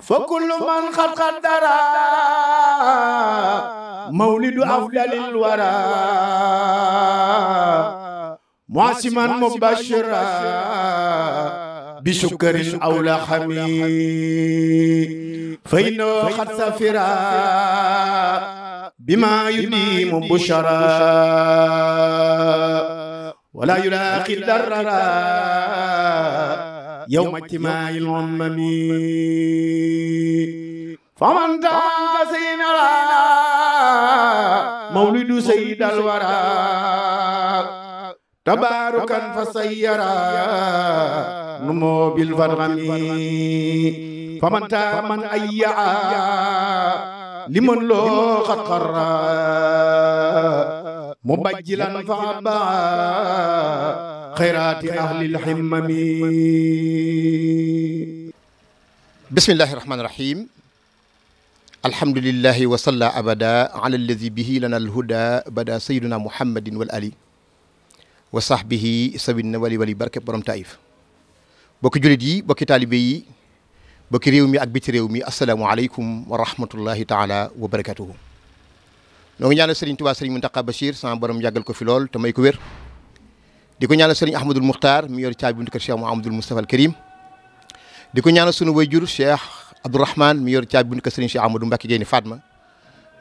فكل من قد قدر مولد أفضل الورى معصما مبشرا بشكر أو لحم فإنه قد سفرا بما يديم بشرا ولا يلاقي الدررا يوم اجتماع الأمم فمن تاسينا مولد سيد الورى تباركا فسيرا نمو بالفرغم فمن تامن أيعا لمن لو قد قرى مبجلا فعبا xayraati ahlil himmami bismillahi rahmaani rahim alhamdulillahi wa salla abada ala alladi bihi lana alhuda bada sayyiduna muhammadin wal ali wa sahbihi sawin wali wali barke borom taif bokki jullit yi bokki taalibe yi bokki réew mi ak biti réew mi asalaamualeykum wa rahmatullahi taala wa barakatuhu noo ngi ñaanal Serigne Touba Serigne Mountakha Bachir sama borom yàggal ko fi lool te may ko wér di ko ñaanal sëriñ ahmadul muxtaar mi yor caabi buntu kër cheikh mu moustapha al karim di ko ñaanal sunu wayjur cheikh abdourahman mi yor caabi buntu kër sëriñ cheikh ahmadou mbàkke génn fatma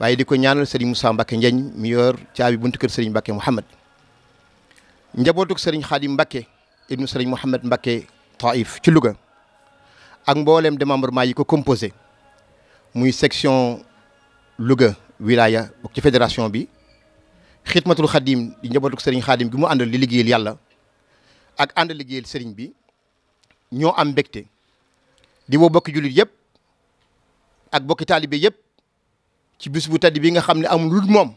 waaye di ko ñaanal sëriñ moussa mbàkke njeñ mi yor caabi buntu kër sëriñ mbàkke mouhamad njabootuk sëriñ xaadim mbàkke ibnu sëriñ mouhamad mbàkke taif ci Louga ak mbooleem démembrement yi ko composé muy section Louga wilaya ci fédération bi xidmatul xadim di njabootu sëriñ xadim bi mu àndal di liggéeyal ak ànd liggéeyal sëriñ bi ñoo am mbégte di woo bokki jullit yëpp ak bokki taalibe yëpp ci bis bu tedd bi nga xam ne amul lu moom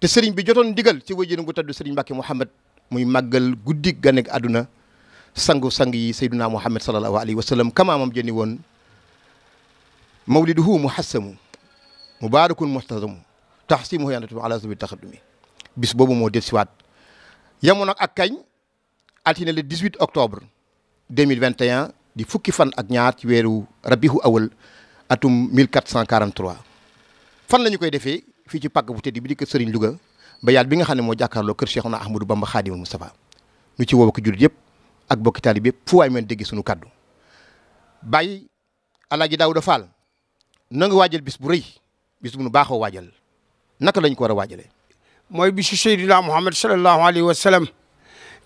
te sëriñ bi jotoon ndigal ci wajjëna bu tedd sëriñ Mbàkke Muhammad muy màggal guddi gane ak àdduna sangu sang yi sayduna Muhammad sallallahu alayhi wa sallam kamaamam jëni woon mawliduhu muhassamu mubarakun muhtazamu tax si mu xëyante ala subi taxadumi bis boobu moo del siwaat yemoon ak kañ altine le 18 octobre mille vingt 2021 di fukki fan ak ñaar ci weeru rabihu awal atum 1443 fan la koy defee fii ci pàkk bu tedd bi di kër Serigne Louga ba yaat bi nga xam ne moo jàkkaarloo kër Cheikhouna Ahmadou Bamba Khadimul Moustapha ñu ci woo ko jullit yëpp ak bokki taalib yëpp fu waay mën dégg sunu kàddu bàyyi Alaaji Daawuda Fall na nga waajal bis bu rëy bis bu nu baaxoo waajal naka lañ ko war a waajalee. mooy bisu Seydina Muhammad sallallahu alayhi wa sallam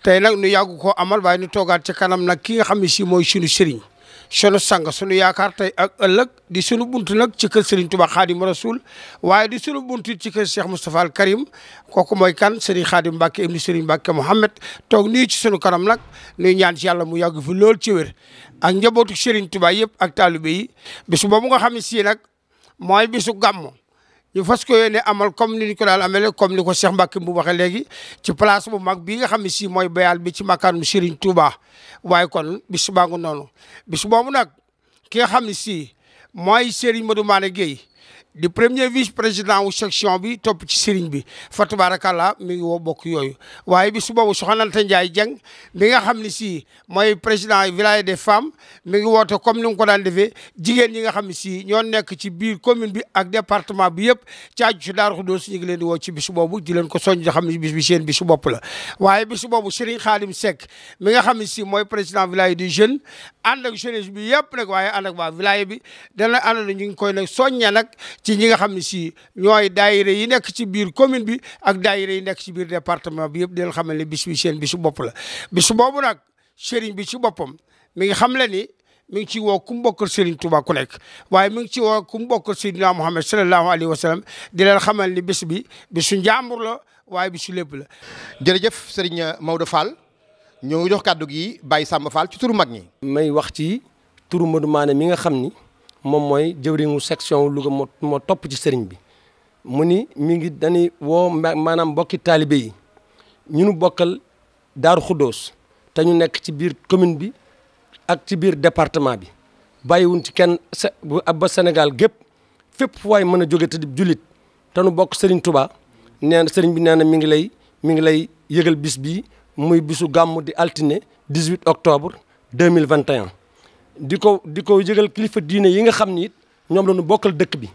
tey nag nu yàgg koo amal waaye nu toogaat ci kanam nag ki nga xam ne si mooy sunu sëriñ sunu sang sunu yaakaar tey ak ëllëg di sunu buntu nag ci kër Serigne Touba Khadim Rasoul waaye di sunu buntu ci kër Cheikh Moustapha al Karim kooku mooy kan Serigne Khadim Mbacke ibnu Serigne Mbacke Mohamed toog nii ci sunu kanam nag nuy ñaan ci yàlla mu yàgg fi lool ci wér ak njabootu Serigne Touba yëpp ak taalibe yi bisu boobu nga xam ne si nag mooy bisu gàmmu ñu fas ko amal comme ni ñu ko daal amele comme ni ko Cheikh Mbacke bu waxee léegi ci place bu mag bii nga xam ne si mooy bayal bi ci makkaanum Serigne Touba waaye kon bis baa noonu bis boobu nag ki nga xam ne si mooy Serigne Modou Mané Guèye di premier vice président wu section bi topp ci sëriñ bi fa tabarakallah mi ngi woo bokk yooyu waaye bi su boobu soxna Anta Ndiaye Dieng mi nga xam ne si mooy président village des femmes mi ngi woote comme ni nga ko daan defee jigéen ñi xam ne si ñoo nekk ci biir commune bi ak département bi yëpp caaju ci Daaru Xudoos ñu ngi leen di woo ci bisu boobu di leen ko soñ di xam ne bis bi seen bisu bopp la waaye bisu boobu sëriñ mi nga xam ne si mooy président village des jeunes ànd ak jeunesse bi yëpp nag waaye ànd ak waa village bi dana ànd na ñu ngi koy nag soññe nag ci ñi nga xam ne si ñooy daayira yi nekk ci biir commune bi ak daayira yi nekk ci biir département bi yëpp di leen xamal ne bis bi seen bisu bopp la bisu boobu nag sëriñ bi ci boppam mi ngi xam la ni mi ngi ci woo ku mu bokkal Serigne Touba ku nekk waaye mi ngi ci woo ku mu bokkal Seydina Muhammad sallallahu alayhi wa di leen xamal ni bis bi bisu njàmbur la waaye bi bisu lépp la. jërëjëf Serigne Maodo Fall ñoo ngi jox kàddu gi Baye Samba Fall ci turu mag ñi. may wax ci turu Modou Mané mi nga xam ni. moom mooy jëwriñu section Louga moo moo topp ci sëriñ bi mu ni mi ngi dañuy woo maanaam mbokki taalibe yi ñu nu bokkal Daaru Xuddoos te ñu nekk ci biir commune bi ak ci biir département bi bàyyiwuñ ci kenn ba Sénégal gépp fépp waaye mën a jóge te jullit te nu bokk sëriñ Touba nee na sëriñ bi nee na mi ngi lay mi ngi lay yëgal bis bi muy bisu gàmm di altine 18 octobre 2021 di ko di ko yëgal kilifa diine yi nga xam ni ñoom la ñu bokkal dëkk bi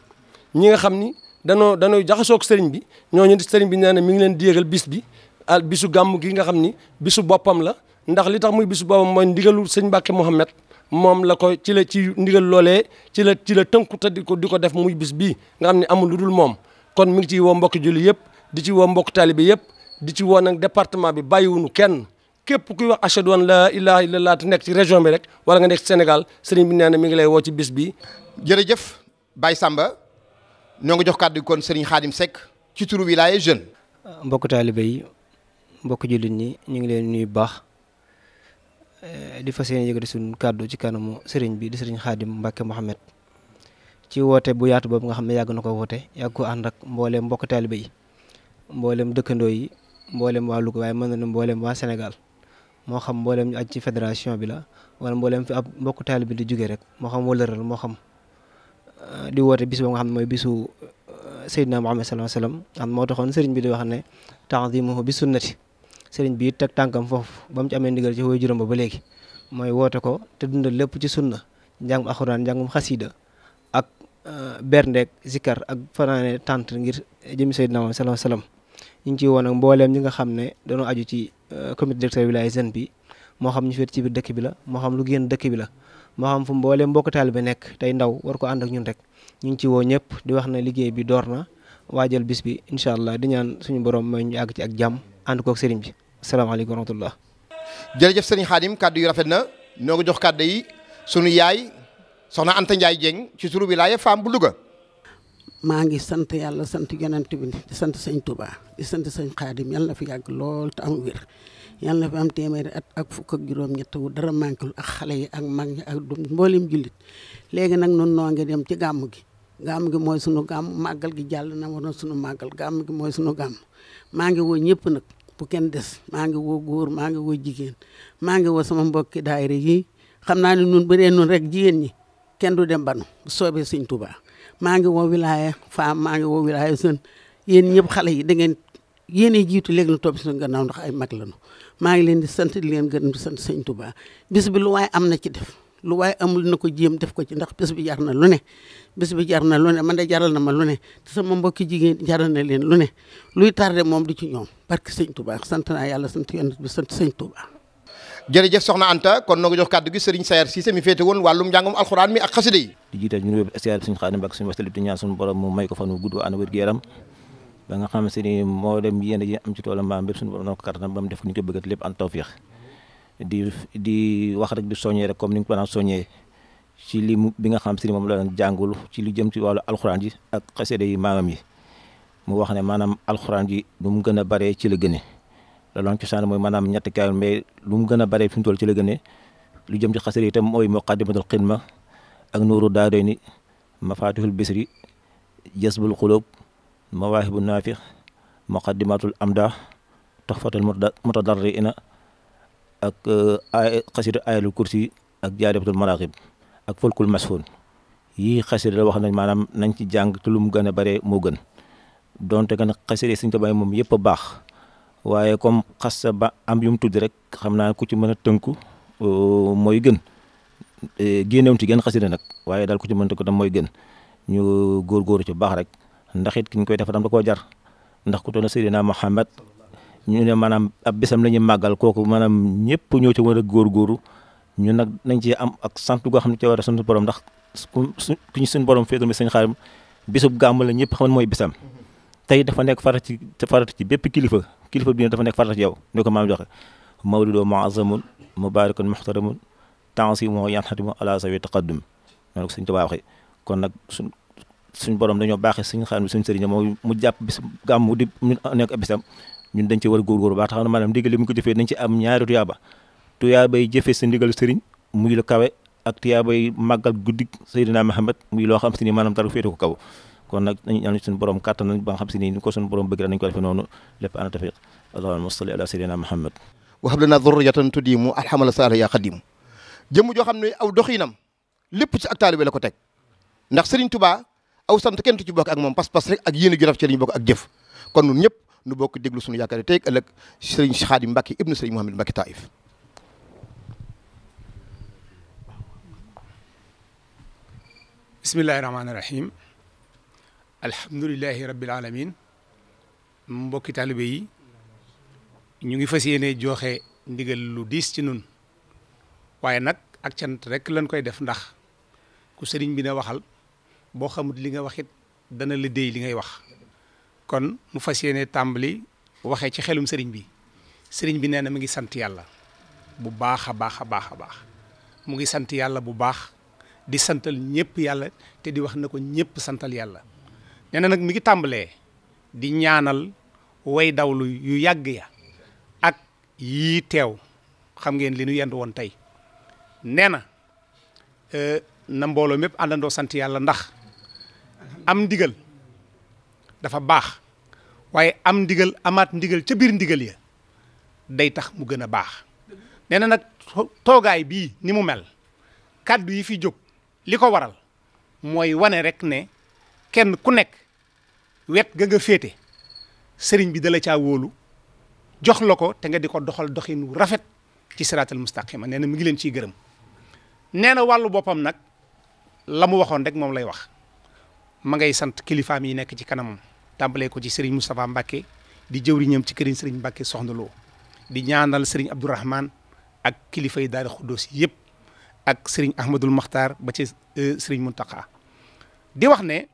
ñi nga xam ni danoo danooy jaxasook sëriñ bi ñoo ñooñu sëriñ bi nee na mi ngi leen di yëgal bis bi al bisu gàmm gi nga xam ni bisu boppam la ndax li tax muy bisu boppam mooy ndigalu sëñ Mbàkke Mouhamed moom la ko ci la ci ndigal loolee ci la ci la tënku te di ko di ko def muy bis bi nga xam ne amul lu dul moom kon mu ngi ciy woo mbokki julli yëpp di ci woo mbokk taalibe yëpp di ci woo nag département bi bàyyiwuñu kenn képp kuy wax ashhadu an laa ilaaha illallah te nekk ci région bi rek wala nga nekk Sénégal sëriñ bi nee na mi ngi lay woo ci bis bi. jërëjëf bay Samba ñoo ngi jox kàddu kon sëriñ Xaadim Seck ci turu wilaaye jeune. mbokk taalibe yi mbokk jullit ñi ñu ngi leen nuyu baax eh, di fas yéene yëkkati ci kanamu sëriñ bi di sëriñ Xaadim Mbacke Mohamed ci woote bu yaatu boobu nga xam ne yàgg na koy woote yàgg ko ànd ak mboolem mbokk taalibe mboolem dëkkandoo yi mboolem waa Louga waaye mën na ne mboolem waa Sénégal. moo xam mbooleem ñu aj ci fédération bi la wala mbooleem fi ab mbokku taalibe bi di jóge rek moo xam wëlëral moo xam euh, di woote bis ba nga xam ne mooy bisu euh, Seydina Muhammad sallallahu alayhi wasallam am moo taxoon sëriñ bi di wax ne ta'zimuhu bi sunnati sëriñ bi teg tànkam foofu ba mu ci amee ndigal ci woy juróom ba ba léegi mooy woote ko te dundal lépp ci sunna njàngum alxuraan njàngum xasiida ak euh, berndeek zikkar ak fanaane tant ngir jëmi Seydina Muhammad sallallahu alayhi ñu ngi ciy woon ak mbooleem ñi nga xam ne dañoo aju ci euh, comité directeur wilaya Zane bi moo xam ñu feet ci biir dëkk bi la moo xam lu génn dëkk bi la moo xam fu mbooleem mbokk taalibe nekk tey ndaw war ko ànd ak ñun rek ñu ngi ci woo ñëpp di wax na liggéey bi door na waajal bis bi incha allah di ñaan suñu borom may ñu àgg ci ak jàmm ànd kook sëriñ bi asalaamaaleykum wa rahmatullah jërëjëf sëriñ Xaadim kàddu yu rafet na noo ngi jox kàddu yi sunu yaay soxna Anta Ndiaye Dieng ci turu Wilaya Femme bu Louga maa ngi sant yàlla sant yonent bi di sant sëñ Touba sant sëñ Xaadim yàlla na fi yàgg lool te am wér yàlla fi am téeméeri at ak fukk ak juróom-ñett wu dara mànkul ak xale yi ak mag ñi ak mboolem jullit léegi nag nun noo ngi dem ci gàmm gi gàmm gi mooy sunu gàmm màggal gi jàll na waroon sunu màggal gàmm gi mooy sunu gàmm maa ngi woo ñëpp nag bu kenn des maa ngi woo góor maa ngi woo jigéen maa ngi woo sama mbokki daayira yi xam naa ne nun bëree nun rek jigéen ñi kenn du dem banu maa ngi woo wilaya femme maa ngi woo wilaya jeune yéen ñëpp xale yi da ngeen yéenay jiitu léegi nu topp suñu gannaaw ndax ay mag lañu maa ngi leen di sant di leen gërëm di sant sëñ Touba bis bi lu waaye am na ci def lu waaye amul na ko jéem def ko ci ndax bis bi jar na lu ne bis bi jar na lu ne man de jaral na ma lu ne te sama mbokki jigéen jaral na leen lu ne luy tardé moom du ci ñoom barke sëñ Touba sant naa yàlla sant yonent bi sant sëñ Touba jërëjëf soxna Anta kon noo ko jox kàddu gi sëriñ Sayar Cissé mi woon wàllum njàngum alxuraan mi ak xasida yi di jiital ñu wéb siyaar suñu xaadim ak suñu nga xam se ni moo dem yéen ji am ci toolam mbaam bépp suñu ba mu def ko ñu ko bëggat lépp an di di wax rek di soññee rek comme ni nga ko daan soññee ci li bi nga xam se ni moom la jàngul ci lu jëm ci wàllu alxuraan ji ak xasida yi maamam yi mu wax ne maanaam alxuraan ji lu mu gën a baree ci la gëne la langue cosaane maanaam ñetti kaamil mais lu mu gën a bare fi mu ci la gënee lu jëm ci xasida itam mooy muqaddimatul xidma ak nuuru daarayni mafatihul bisri jasbul xuloob mawaahibu naafix muqaddimatul amda toxfatul mutadarriina ak euh, ay xasida ayatul kursi ak jaalibatul maraqib ak fulkul masfun yii xasida la wax nañ maanaam nañ ci jàng lu mu gën a bare moo gën donte kan a xasida Sëñ moom yëpp a baax waaye comme xas ba am yu mu tudd rek xam naa ku ci mën a tënku euh, mooy gën euh, génnewuñ ci gën xasida nag waaye daal ku ci mën a tënku tam mooy gën ñu góorgóoru ci baax rek ndax it ki ñu koy def tam da koo jar ndax ku toona Seydina Muhammad ñu ne maanaam a bisam la ñuy màggal kooku maanaam ñëpp ñoo ci war a góorgóoru ñu nag nañ ci am ak sant goo xam ne ci war a sant borom ndax ku ñu suñ borom féetal mi sëñ xaarim bisub gàmm la ñëpp xam ne mooy bisam mm-hmm. tey dafa nekk farata ci bépp kilifa kilifa diine dafa nekk farata ci yow ni ko maam joxe mawlidoo muazzamun mubarakun muhtaramun tansimuhu yanxatimu ala sawi taqaddum noonu ko Sëñ Tuubaa waxee kon nag suñ suñ borom dañoo baaxee suñ xam ne suñ sëriñ moo mu jàpp bis gàmmu di ñu nekk ab bisam ñun dañ ci war a góorgóor baax taxam na maanaam ndigal li mu ko jëfee dañ ci am ñaari tuyaaba tuyaaba yi jëfee sa ndigal sëriñ muy lu kawe ak tuyaaba yi màggal guddig Seydina Muhammad mu loo xam si ni maanaam fe féete kon nag nañu ñaan suñu borom kàttan nañ ba nga xam si ni ñu ko suñu borom bëgg nañu ko defee noonu lépp ana tafiq allahumma salli ala sayyidina muhammad wa hab lana dhurriyatan tudimu alhamala sala ya qadim jëmm joo xam ne aw doxinam lépp ci ak taalibe la ko teg ndax Serigne Touba aw sant kenn ci bokk ak moom pas-pas rek ak yéen a ju raf ci lañu bokk ak jëf kon ñun ñëpp nu bokk déglu suñu yaakaar tey ëllëg Serigne Khadim Mbacké ibnu Serigne Mouhamed Mbacké Taïf bismillahi rahmaani rahim alhamdulilahi rabbil alamin mbokki taalibe yi ñu ngi fas yéene joxe ndigal lu diis ci nun waaye nag ak cant rek lañ koy def ndax ku sëriñ bi na waxal boo xamut li nga wax it dana la déy li ngay wax kon mu fas yéene tàmbali waxee ci xelum sëriñ bi sëriñ bi nee na mu ngi sant yàlla bu baax a baax a baax a baax mu ngi sant yàlla bu baax di santal ñëpp yàlla te di wax na ko ñëpp santal yàlla nee nag mi ngi tàmbalee di ñaanal way dawlu yu yàgg ya ak yii teew xam ngeen li nu yend woon tey nee na e, na mbooloo mépp àndandoo sant yàlla ndax am ndigal dafa baax waaye am ndigal amaat ndigal ca biir ndigal ya day tax mu gën a baax nee nag toogaay bii ni mu mel kàddu yi fi jóg li ko waral mooy wane rek ne kenn ku nekk wet ga nga féete sëriñ bi dala caa wóolu jox la ko te nga di ko doxal doxin wu rafet ci siraatal mustaqima nee na mu ngi leen ciy gërëm nee na wàllu boppam nag la mu waxoon rek moom lay wax ma ngay sant kilifaam yi nekk ci kanamam tàmbalee ko ci sëriñ Moustapha Mbacke di jëwriñam ci këriñ sëriñ Mbacke soxna Lo di ñaanal sëriñ Abdourahman ak kilifa yi daara xuddoos yëpp ak sëriñ Ahmadul Maxtaar ba ci euh, sëriñ Muntaqa di wax ne.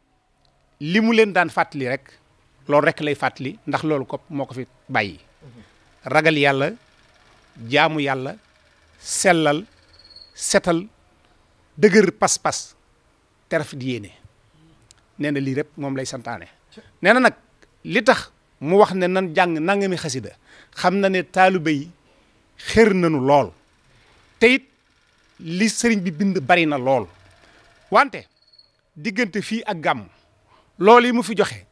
li mu leen daan fàttali rek loolu rek lay fàttali ndax loolu ko moo ko fi bàyyi ragal yàlla jaamu yàlla sellal setal dëgër pas-pas te rafet yéene nee na lii rek moom lay santaane nee na nag li tax mu wax ne nan jàng nangami xasida xam na ne taalibe yi xër nanu lool te it li sëriñ bi bind bari na lool wante diggante fii ak gàmm loolu yi mu fi joxe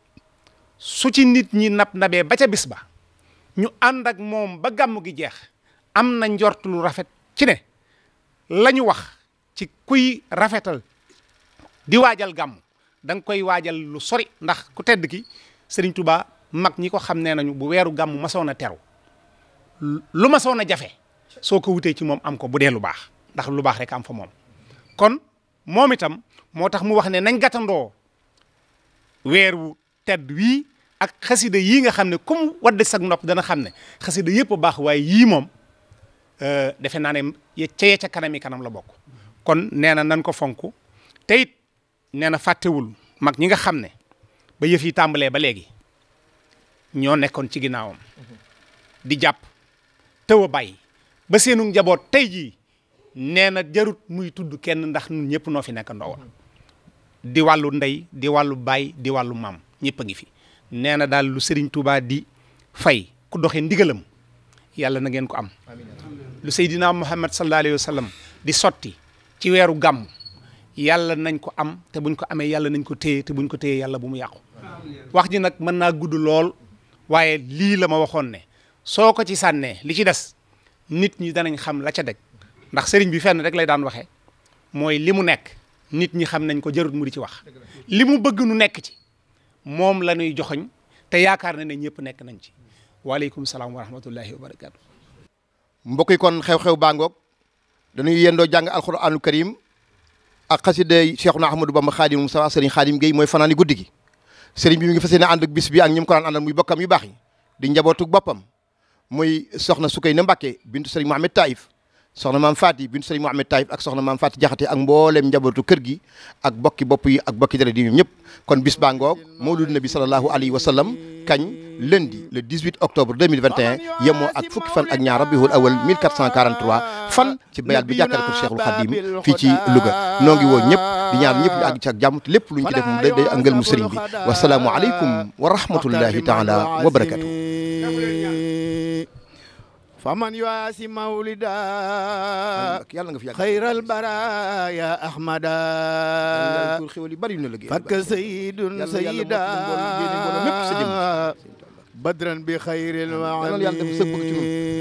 su ci nit ñi nab nabee ba ca bis ba ñu ànd ak moom ba gàmm gi jeex am na njort lu rafet ci ne la ñu wax ci kuy rafetal di waajal gàmm danga koy waajal lu sori ndax ku tedd ki Serigne Touba mag ñi ko xam nee nañu bu weeru gàmmu masoon a teru lu masoon a jafe soo ko wutee ci moom am ko bu dee lu baax ndax lu baax rek am fa moom kon moom itam moo tax mu wax ne nañ gàttandoo weer wu tedd wii ak xasida yii nga xam ne comme wadde sag nopp dana xam ne xasida yëpp a baax waaye yii moom euh, defe naa ne ca yee ca kanam yi kanam la bokk kon nee na nan ko fonk te it nee na fàttewul mag ñi nga xam ne ba yëf yi tàmbalee ba léegi ñoo nekkoon ci ginnaawam di jàpp tëw bay ba seenu njaboot tey ji nee na jarut muy tudd kenn ndax ñun ñëpp noo fi nekk ndowoon di wàllu ndey di wàllu baay di wàllu maam ñëpp a ngi fi nee na daal lu Serigne Touba di fay ku doxee ndigalam yàlla na ngeen ko am lu Seydina Muhammad sallallahu alayhi wa sallam di sotti ci weeru gàmm yàlla nañ ko am te buñ ko amee yàlla nañ ko téye te buñ ko téyee yàlla bu mu yàqu wax ji nag mën naa gudd lool waaye lii la ma waxoon ne soo ko ci sànnee li ci des nit ñi danañ xam la ca daj ndax sëriñ bi fenn rek lay daan waxee mooy li mu nekk nit ñi xam nañ ko jarut mu di ci wax li mu bëgg nu nekk ci moom la ñuy joxoñ te yaakaar na ne ñëpp nekk nañ ci waaleykum salaam wa rahmatullahi wa barakaatu. mbokk kon xew-xew baangoog dañuy yendoo jàng alxuraanu karim ak xaside Cheikhuna Ahmadou Bamba xaadim sama sëriñ xaadim Guèye mooy fanaani guddi gi sëriñ bi mi ngi fas yéene ànd ak bis bi ak ñi mu muy bokkam yu baax yi di njabootu boppam muy soxna Sukayna Mbàkke bintu sëriñ Mohamed Taïf soxna maam Faty bintu Serigne Mohamed Taïf ak soxna maam Faty Jaxate ak mboolem njabootu kër gi ak bokki bopp yi ak bokki dara di ñoom ñëpp kon bis baa ngoog mawlud nabi sallallahu alayhi wa sallam kañ lundi le 18 octobre 2021 yemoo ak fukki fan ak ñaar rabiul awal 1443 fan ci bayal bi jàkkar ko Cheikhul Khadim fii ci Louga noo ngi woo ñëpp di ñaar ñëpp ñu àgg ci ak jàmm te lépp luñ ci def mu day ak ngël mu sëriñ bi wasalaamu aleykum wa rahmatullahi taala wa barakatuh فمن يواسي مولدا خير البرايا أحمدا فك سيد سيدا بدرا بخير الوعد